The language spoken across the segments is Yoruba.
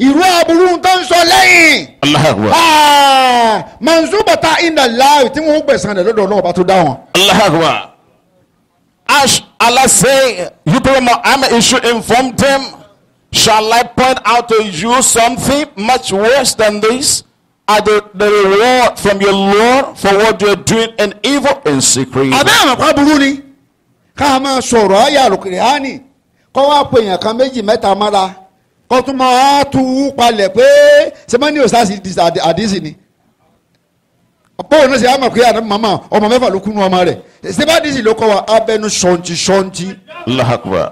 ìró aburú tó ń sọ lẹ́yìn. Allahu Akbar. Ah, manzubata inna Allah tí wọ́n gbẹ̀sán rẹ̀ lọ́dọ̀ ọlọ́wọ́ bá tó dá wọn. As Allah say, "You Hebrew Muhammad is to inform them, shall I point out to you something much worse than this? Are the, the reward from your Lord for what you are doing and evil and secret? Àbẹ́ àwọn àbúrú ni ká máa sọ̀rọ̀ ayé àlùkìrì hání kọ́ wá pé èèyàn kan méjì mẹ́ta mára kó tún máa tú palẹ̀ pé sẹ́mẹ́ni òsàsì àdìsí ni bóun náà ṣe á mọ̀ pé àná màmá ọmọ mẹ́fà ló kú ọmọ rẹ̀ sẹ́mẹ́dìsì ló kọ́ wa abẹnú ṣọ́ntì ṣọ́ntì. lahakuba.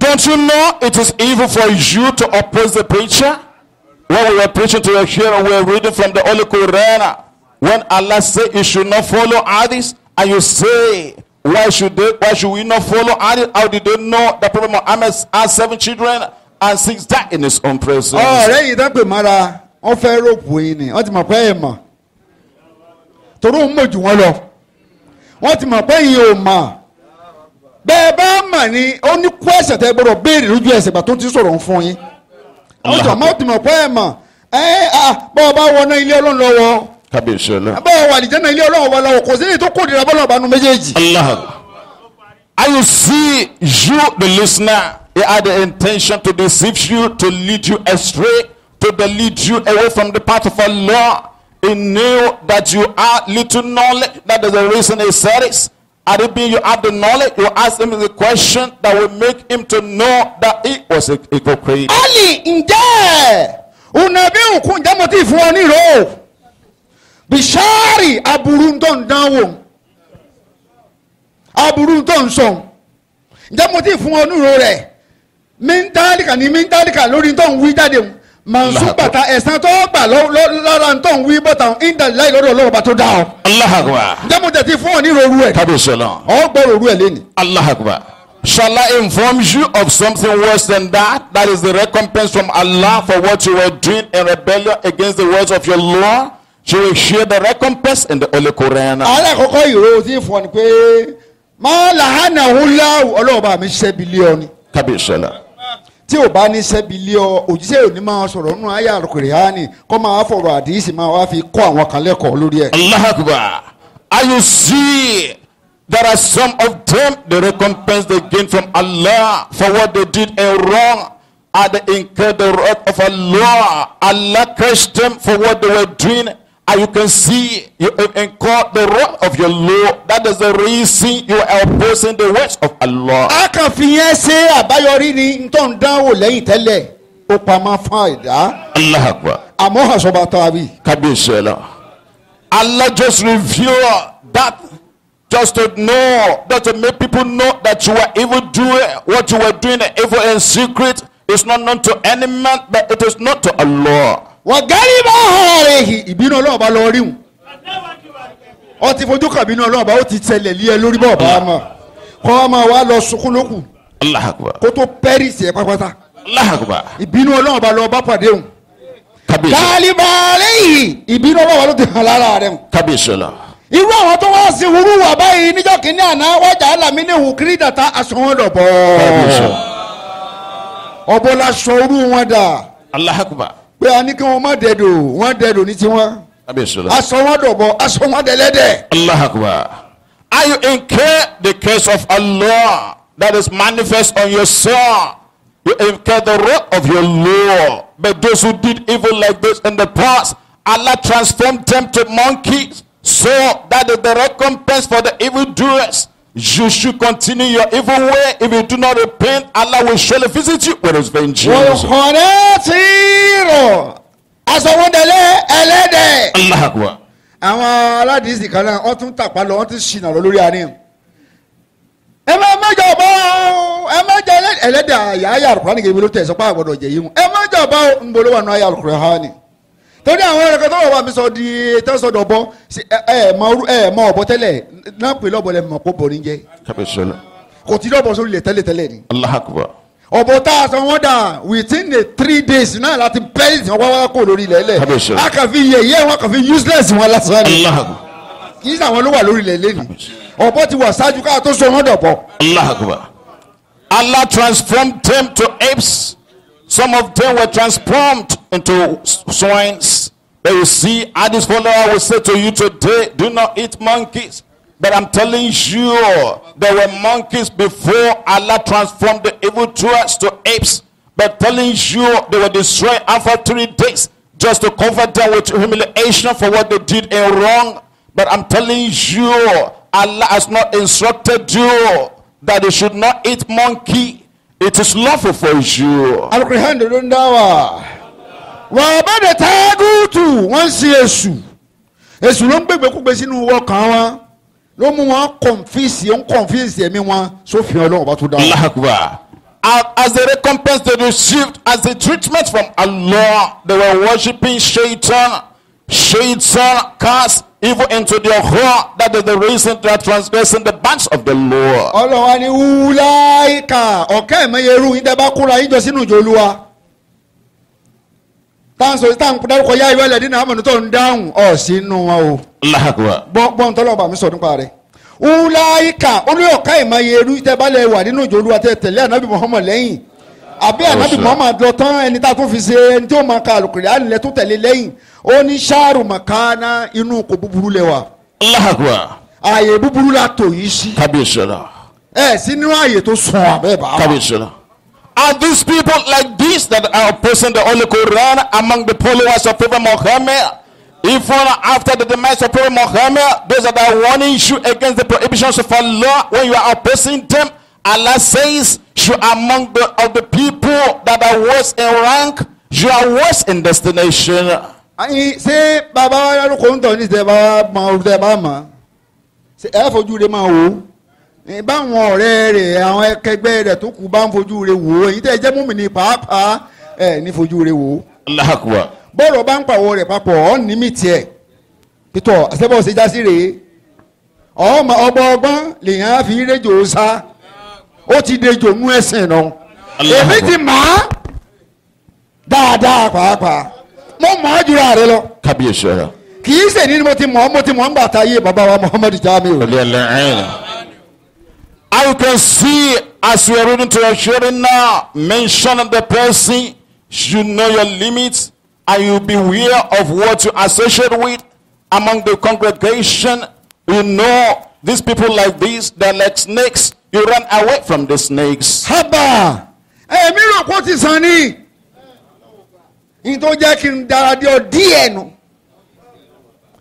Don't you know it is evil for you to oppose the preacher? When we were preaching to your hearer, we were reading from the Holy Quran. When Allah said you should not follow others, and you say, Why should they? Why should we not follow others? How did they know the problem Muhammad has seven children? and since that in his own presence. ọ̀rẹ́ yìí dápè mara wọ́n fẹ́ rògbò yìí ni wọ́n ti mọ̀ pé ẹ̀ mọ̀ torí òun mọ̀ jù wọ́n lọ wọ́n ti mọ̀ pé yìí ò mọ̀ bẹ́ẹ̀ bá mọ̀ ni ó ní kú ẹ̀sẹ̀ tẹ́ gbọ́dọ̀ béèrè lójú ẹ̀sẹ̀ gbà tó ti sọ̀rọ̀ ń fún yín wọ́n jọ mọ̀ ti mọ̀ pé ẹ̀ mọ̀ ẹ̀ ẹ̀ bọ́ ọ bá wọná ilé ọlọ́run lọ́wọ́ kábíyèsí ọlọ́run bọ́ ọ wà àlìjẹ́nà ilé ọlọ́run wà lọ́wọ́ kò sí èyí tó kórìíra bọ́lọ̀ ọ̀bánu méjèèjì. Allah, are will see you the listener. He had the intention to deceive you, to lead you astray, to lead you away from the path of Allah. He knew that you had little knowledge. That is the reason he said it. Had it been you had the knowledge, you ask him the question that will make him to know that he was a hypocrite. Ali ǹjẹ́ unabi òkun ǹjẹ́ mo ti bishari aburú tó ń dánwò aburú tó ń sọ míntáàlìkà ni míntáàlìkà lórí tó ń wí jáde mu mọ̀nsúbàtà ẹ̀sán tó gbà lára tó ń wí bọ́tà ìdá láì lọ́dọ̀ ọlọ́run bá tó dá ọ. Allahu Akbar. jẹ́mu tẹ̀ ti fún ọ ní roru ẹ̀. kábíyèsí ọ̀la. ọ gbọ́ roru ẹ̀ lẹ́nu. Allahu Shall I inform you of something worse than that? That is the recompense from Allah for what you were doing in rebellion against the words of your Lord. You will share the recompense in the Holy Quran. Ààrẹ àkọ́kọ́ ìró tí ń fún ọ ni pé, Mọ́ làhánà húnláwù ọlọ́ọ̀bá mi ṣẹ́bi lé ọ ni tí ò bá ní sẹ́bi lé ọ òjíṣẹ́ òní máa sọ̀rọ̀ nínú ayé àrùkùrìhánì kọ́ máa fọ̀rọ̀ àdìsí máa wá fi kọ́ àwọn kan lẹ́kọ̀ọ́ lórí ẹ̀. Allahu Akbar. Are you see there are some of them the recompense they gain from Allah for what they did and wrong and they incur the wrath of Allah. Allah cursed them for what they were doing and ah, you can see you incur the wrath of your Lord. That is the reason you are opposing the words of Allah. a kàn fi yẹn ṣe àbáyọrí ni tó ń dánwò lẹ́yìn tẹ́lẹ̀ ó pamọ́ fún ẹ̀dá. Allah akbar. àmọ́ àṣọba tó a bí. kábíyèsí ẹ̀ lọ. Allah just reveal that just to know that to make people know that you were even doing what you were doing even in secret is not known to any man but it is not to Allah wọ́n gẹ́rí bá ọ̀rẹ́ yìí ìbínú ọlọ́run bá lọ rí wọn. ó ti fojú kan ìbínú ọlọ́run bá ó ti tẹ̀lẹ̀ lé ẹ lórí bọ́ọ̀ bá a mọ̀ kọ́ ọ ma wá lọ sunkún lókù. Allahu Akbar. kó tó pẹ́rìsì ẹ̀ pátápátá. Allahu Akbar. ìbínú ọlọ́run bá lọ bá pàdé wọn. kábíyèsí. gàlíbàárẹ̀ yìí ìbínú ọlọ́run ló ti hàn lára rẹ̀ wọn. kábíyèsí ọ̀la. irú àwọn tó wá sí wúrú wà báyìí níjọ́ kínní àná wájà sọ orú wọn dà. Allahu pé a ní kí wọn má dẹdò wọn dẹdò ní tiwọn. aṣọ wọn dọ̀bọ̀ allah akbar are you incur the curse of allah that is manifest on your soul you care the wrath of your lord but those who did evil like this in the past allah transformed them to monkeys so that is the recompense for the evil doers. You should continue your evil way. If you do not repent, Allah will surely visit you with his vengeance. àwọn aládìsí kan náà wọ́n tún tàpá lọ wọ́n tún ṣìnà lọ lórí àárín. ẹ má mẹ́jọ bá o ẹ má jẹ ẹlẹ́dẹ̀ àyà àyà àlùkùránì kì í bí ló tẹ̀ sọ́pá àgbọ̀dọ̀ jẹ̀ yìí mu ẹ má jọ bá o ń bolówó àná àyà àlùkùránì torí àwọn ẹranko tó wà wà mí sọ di tẹ́sán dọ̀bọ ẹ ẹ mọ ọ̀bọ tẹ́lẹ̀ náà pè lọ́bọ lẹ mọ̀ kó bọ̀ ní jẹ́ kò tí lọ́bọ sórí lẹ̀ tẹ́lẹ̀ tẹ́lẹ̀ ni. Allahu Akbar. ọ̀bọ tá a sọ wọ́n dà within the three days náà láti bẹ́ẹ̀ tí wọ́n wá wá kó lórí ilẹ̀ lẹ̀ a kàn fi yẹ̀yẹ́ wọn kàn fi useless wọn lásán ni kì í sàwọn ló wà lórí ilẹ̀ lẹ́nu ọ̀bọ ti wà ṣáájú káà tó sọ wọ́n dọ̀bọ. Allahu Allah transformed them to apes. Some of them were transformed into swines. But you see, Addis follower will say to you today, do not eat monkeys. But I'm telling you, there were monkeys before Allah transformed the evil towards to apes. But telling you, they were destroyed after three days just to comfort them with humiliation for what they did in wrong. But I'm telling you, Allah has not instructed you that you should not eat monkey. It is lawful for you. Alukurihan dodo ń dá wa. Wà á bá de taagutu, wọ́n ń sin èṣù. Èṣù ló ń gbègbè kúgbe sínú ọkàn wọn. Ló mú wọn kọ̀nfíìsì, ń kọ̀nfíìsì ẹ̀mí wọn sófin Ọlọ́run bá tó dá. Lákùbà. As a recompense they received as the treatment from Allah, they were worshiping Shaitan. Shaitan cast evil into their heart. That is the reason they are transgressing the bands of the law. Ọlọ́wà ni wúláìkà ọ̀kẹ́ ìmọ̀yẹrú yín dẹ́gbà kúra yín jọ sínú ìjọ olúwa. Táǹsọ̀ táǹkù dárúkọ yá ìwé ẹlẹ́dín náà àmọ̀nù tó ń dáhùn ọ̀ sínú wọn o. Láàbùwà. Bọ́n tọ́lọ̀ bàmí sọ nípa rẹ̀. Wúláìkà olóyọ̀ká ìmọ̀yẹrú tẹ́ bá lẹ̀ wà nínú ìjọ olúwa tẹ́ tẹ̀lé ànábì Muhammad lẹ́yìn àbí ànábì Muhammad lọ tán ẹni tá a tún fi ṣe ẹni tí ó máa ka àlùkùránì lẹ tún tẹ̀lé lẹ́yìn ó ní ṣáàrù màkánná inú kò búburú lẹ́wà. Allahu Akbar. ààyè búburú la tò yìí sí. kábíyèsí ọ̀la. ẹ sí nínú ààyè tó sùn àbẹ́ bá. kábíyèsí ọ̀la. Are these people like this that are opposing the Holy Quran among the followers of Prophet Muhammad? Even after the demise of Prophet Muhammad, those that are warning you against the prohibitions of Allah, when you are opposing them, Allah says, You are among the, of the people that are worse in rank, you are worse in destination. ṣé bàbá wa yálùkọ̀ ní ìṣẹ̀ bàbá mọ orúkọ bàbá mọ̀? Ṣé ẹ fojú rẹ máa wò? Báwọn ọ̀rẹ́ rẹ̀ àwọn ẹkẹgbẹ́ rẹ̀ tó kù bá ń fojú rẹ wò ó, èyí tẹ́ ẹ jẹ́ múmi-ní pàápàá ẹ̀ ní fojú rẹ wò ó. Allahu Bọ́ọ̀rọ̀ bá ń pàwọ̀ rẹ̀ papọ̀ ọ́ ní mí tiẹ̀. Pétọ̀ àṣẹ́bọ̀ ṣe já rèé. Ọmọ ọgbọ́n lèèyàn fi rédíò sá. ẹ̀sìn èmi ti mọ̀ á dáadáa pàápàá mo jura rẹ lọ. kì í ṣe ní mo ti mọ̀ mo ti mọ̀ bàbá wa Muhammad I can see as you are reading to your children now, mention the person, you know your limits, and you beware of what you associate with among the congregation. You know these people like this, they're like snakes. You run away from the snakes. Haba! Èmi rò kó ti sàn ni. Ní tó jẹ́ kí n dára dé ọ díẹ̀ nu.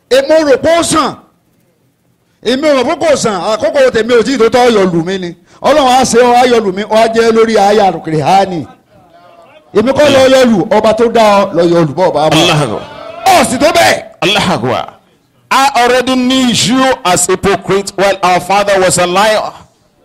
Èmi rò kó sàn. Èmi rò kó sàn. Àkókò tèmi ò tí ì tó tọ́ yọ̀lù mi ni. Ọlọ́run á ṣe ọ ayọ̀lù mi, ọ á jẹ́ lórí ayé àrùkìrì hání. Èmi kọ́ lọ yọ̀lù, ọba tó dá ọ lọ yọ̀lù bọ̀ bá mọ̀. Ọ̀ tó bẹ́ẹ̀. Allahu Akbar. I already knew you as hypocrite while our father was a liar.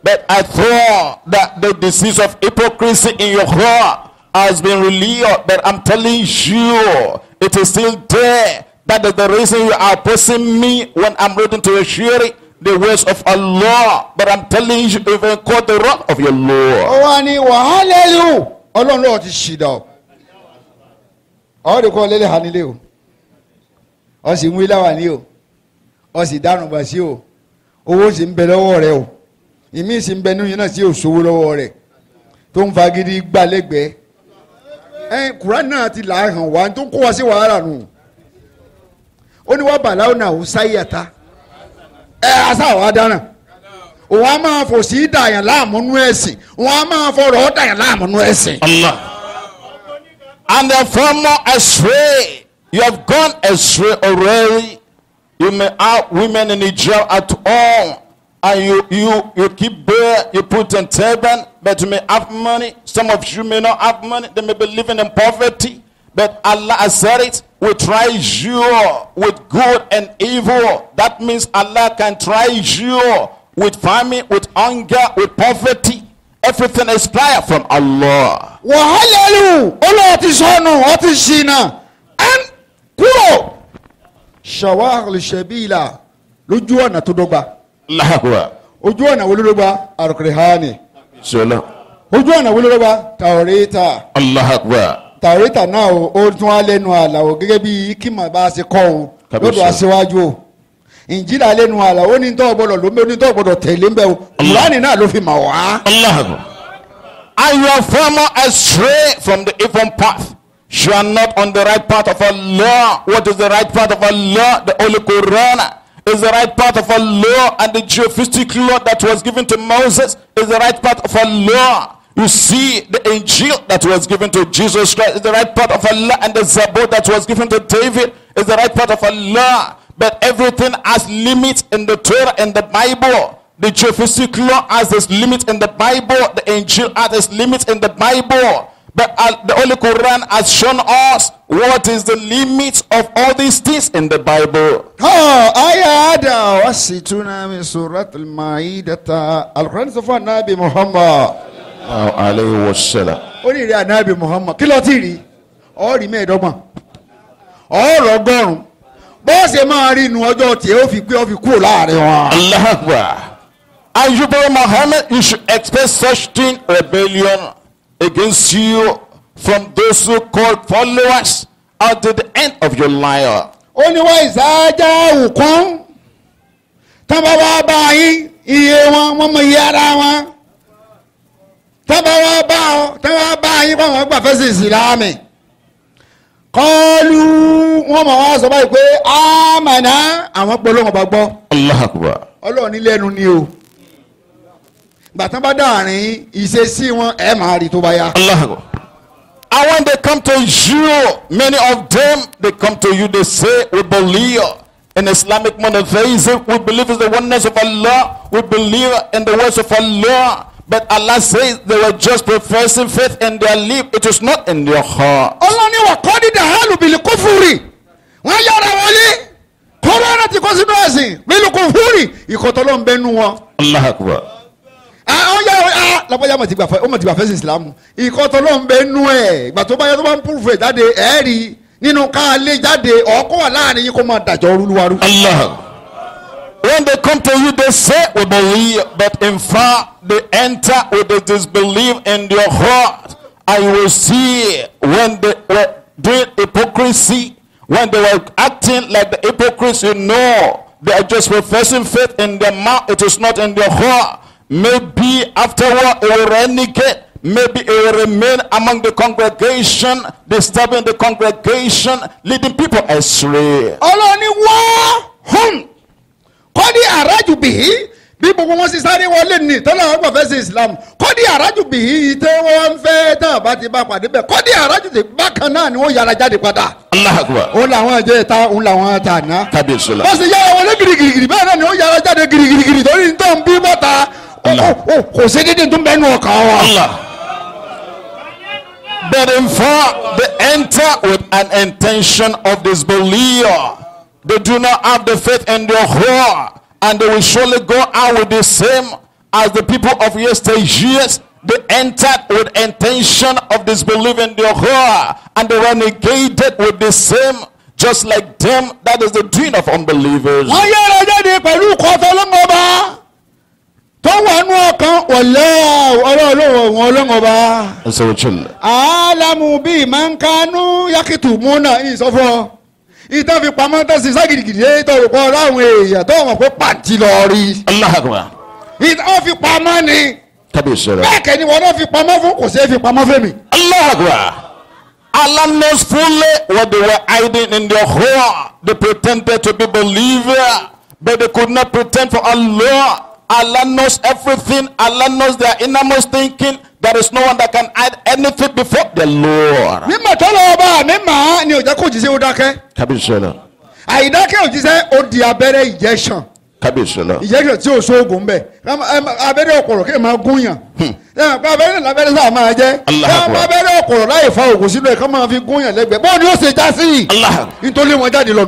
But I thought that the disease of hypocrisy in your heart has been relieved. But I'm telling you, it is still there. That is the reason you are pressing me when I'm reading to you sharing the words of Allah. But I'm telling you, even caught the wrath of your Lord. Oh wá ní wàhálà ìlú ọlọ́run náà ti ṣìdá o. Ọ̀rọ̀ kọ́ lélẹ̀ hàn nílé o. Ọ̀sìn wíláwà ní o. Ọ̀sìn dárùn gbà sí o. Owó sì ń bẹ lọ́wọ́ rẹ ìmí sì ń bẹ nínú yín náà sí òṣòwò lọ́wọ́ rẹ̀ tó ń fagidi gbalẹ́gbẹ̀ẹ́ ẹ kuran náà ti là á hàn wá tó ń kó wa sí wàhálà nù ó ní wá bàlá ó nà ó sáyàtà ẹ àṣà wa dáná òun á máa fò sí dàyàn láàmú ẹ̀sìn òun á máa fọ̀rọ̀ ọ́ dàyàn láàmú ẹ̀sìn. Allah and they are more astray you have gone astray already you may have women in Israel at all. and you you you keep bare, you put in turban, but you may have money. Some of you may not have money. They may be living in poverty. But Allah has said it will try you with good and evil. That means Allah can try you with famine, with hunger, with poverty. Everything is fire from Allah. Wàhálàlù olóò ti sọnù ó ti lahakuba. ojú ọ̀nà wolórogba alukurihani. sọlá. ojú ọ̀nà wolórogba taorita. alahakuba. taorita náà o ó tún á lẹ́nu àlà o gẹ́gẹ́ bí kíma bá a ṣe kọ́ o lọ́dọ̀ aṣíwájú o ìjìlá lẹ́nu àlà ó ní tọ́ gbọ́dọ̀ ló ń bẹ ó ní tọ́ gbọ́dọ̀ tẹ̀lé ń bẹ o kùránì náà ló fi mà wá. alahakuba. and your former astray from the even path. She are not on the right path of Allah. What is the right path of Allah? The Holy Quran. is the right part of a law and the geophysic law that was given to Moses is the right part of a law. You see, the angel that was given to Jesus Christ is the right part of Allah, and the Zabot that was given to David is the right part of Allah. But everything has limits in the Torah and the Bible. The geophysic law has its limit in the Bible. The angel has its limit in the Bible. But uh, the Holy Quran has shown us what is the limit of all these things in the Bible. Oh, aya ada wasituna min surat al-Ma'idah al-Quran sọ fún anabi Muhammad. alayhi wa sallam. ó ní Nabi Muhammad kí ló ti rí ọ̀ọ́rì mẹ́ẹ̀ẹ́dọ́gbọ̀n ọ̀ọ́rọ̀ ọgọ́rùn-ún bọ́ọ̀sì máa rí inú ọjọ́ tí ó fi gbé ó fi kúrò láàrin wọn. Allahu Akbar. And you, Muhammad, you should expect such thing rebellion against you from those who call followers until the end of your life. ó ní wọ́n ìsáájá òkun tán bá bá yín iye wọn wọ́n mọ iye ara wọn tán bá bá ọ tán wá bá yín báwọn gbà fẹ́ sí ìsìlámì kọlu wọn mọ wọn sọ báyìí pé amànà àwọn polówó bá Ọlọ́run ní lẹ́nu ni o gbàtàn bá dàrin ìṣesí wọn ẹ máa rí tó bá yá. And when they come to you, many of them, they come to you, they say, we believe in Islamic monotheism, we believe in the oneness of Allah, we believe in the words of Allah. But Allah says they were just professing faith in their lip. It is not in their heart. Ọlọ́ni wà kọ́ ní dàhálù bìlì kúfúrì. Wọ́n yára wọlé. Kọ́rọ́nà ti kọ́ sínú ẹ̀sìn bìlì kúfúrì. Ìkọ̀tọ́ ló ń bẹnu wọn. Allah akbar ọ̀yà ọ̀yà ti gbà fẹ́ ó ti gbà fẹ́ sí ìsìlámù ìkọ́ tó lọ́n bẹ nú ẹ̀ ìgbà tó bá tó bá ń púrùfù ẹ̀ jáde ẹ̀ rí nínú ká lé jáde ọkọ̀ wà láàrin yín kó máa dàjọ́ olúwarú. Allah when they come to you they say we believe but in fact they enter with the disbelief in their heart and you will see when they were doing hypocrisy when they were acting like the hypocrites you know they are just professing faith in their mouth it is not in their heart Maybe afterward it will renegade. Maybe it will remain among the congregation, disturbing the congregation, leading people astray. Ọlọ́ni wá hùn kọ́ ní àràjù bìí bí gbogbo wọn ṣe sáré wọlé ní tọ́lá wọn gbọ̀fẹ́ sí Islam kọ́ ní àràjù bìí tẹ́ wọ́n ń fẹ́ tá bá ti bá pàdé bẹ́ẹ̀ kọ́ ní àràjù tẹ bákan náà ni wọ́n yára jáde padà. aláhàgbà. ó làwọn jẹ́ ta òun làwọn ta ná. kábíyèsí la. bọ́sẹ̀ yára wọlé girigirigiri bẹ́ẹ̀ náà ni wọ́n yára jáde girigirigiri torí Oh, oh, oh, Allah. Allah. But in fact, they enter with an intention of disbelief. They do not have the faith in their heart, and they will surely go out with the same as the people of yesteryears. They entered with intention of disbelief in their heart, and they renegated with the same just like them. That is the dream of unbelievers. tó wà nù ọkàn wọlé ọlọ́ọ̀lọ́wọ̀ wọn alamu bíi máa yakitu múnà ìsọfọ ìtàn fi pamọ́ tó sì sá gidigidi tó rò tó wọ́n pé pàǹtí lọ rí. aláhàkùnrin. ìtàn fi pamọ́ ni. kábíyèsí rẹ. wọn náà fi pamọ́ fún kò sí fi pamọ́ fẹ́mi. aláhàkùnrin. alamnes fully what they were hiding in their home they pretended to be believer but they could not pretend for Allah. Allah knows everything. Allah knows their innermost thinking. There is no one that can add anything before the Lord. Mímọ̀ tó lọ bá mi mọ̀ ni òjá kò jíṣẹ́ ó dákẹ́. Kábíyèsí ọ̀la. Àìdákẹ́ òjíṣẹ́ ó di abẹ́rẹ́ injection. Kábíyèsí ọ̀la. Injection tí o ṣoògùn ń bẹ̀. Abẹ́rẹ́ ọ̀pọ̀lọ̀ kí n máa gún yàn. Hmm. Abẹ́rẹ́ lábẹ́rẹ́ sáà máa jẹ́. Abẹ́rẹ́ ọ̀pọ̀lọ̀ láì fa òògùn sínú ẹ̀ kán máa fi gún yàn lẹ́gbẹ̀ẹ́. Bọ́ọ̀ni ó ṣe já sí. Nítorí wọn jáde lọ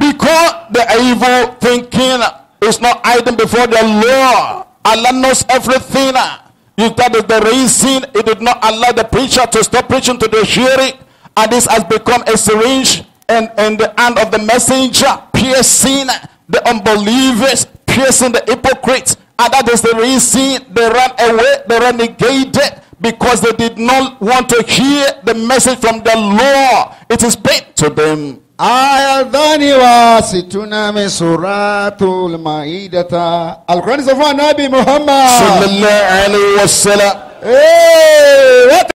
Because the evil thinking is not hidden before the Lord. Allah knows everything. If that is the reason it did not allow the preacher to stop preaching to the jury, and this has become a syringe and in the hand of the messenger, piercing the unbelievers, piercing the hypocrites, and that is the reason they ran away, they renegated because they did not want to hear the message from the law. It is paid to them. ayadani wa situna mi suratul maidata alukurani sọ fún anabi muhammad. sallallahu alayhi wa sallam.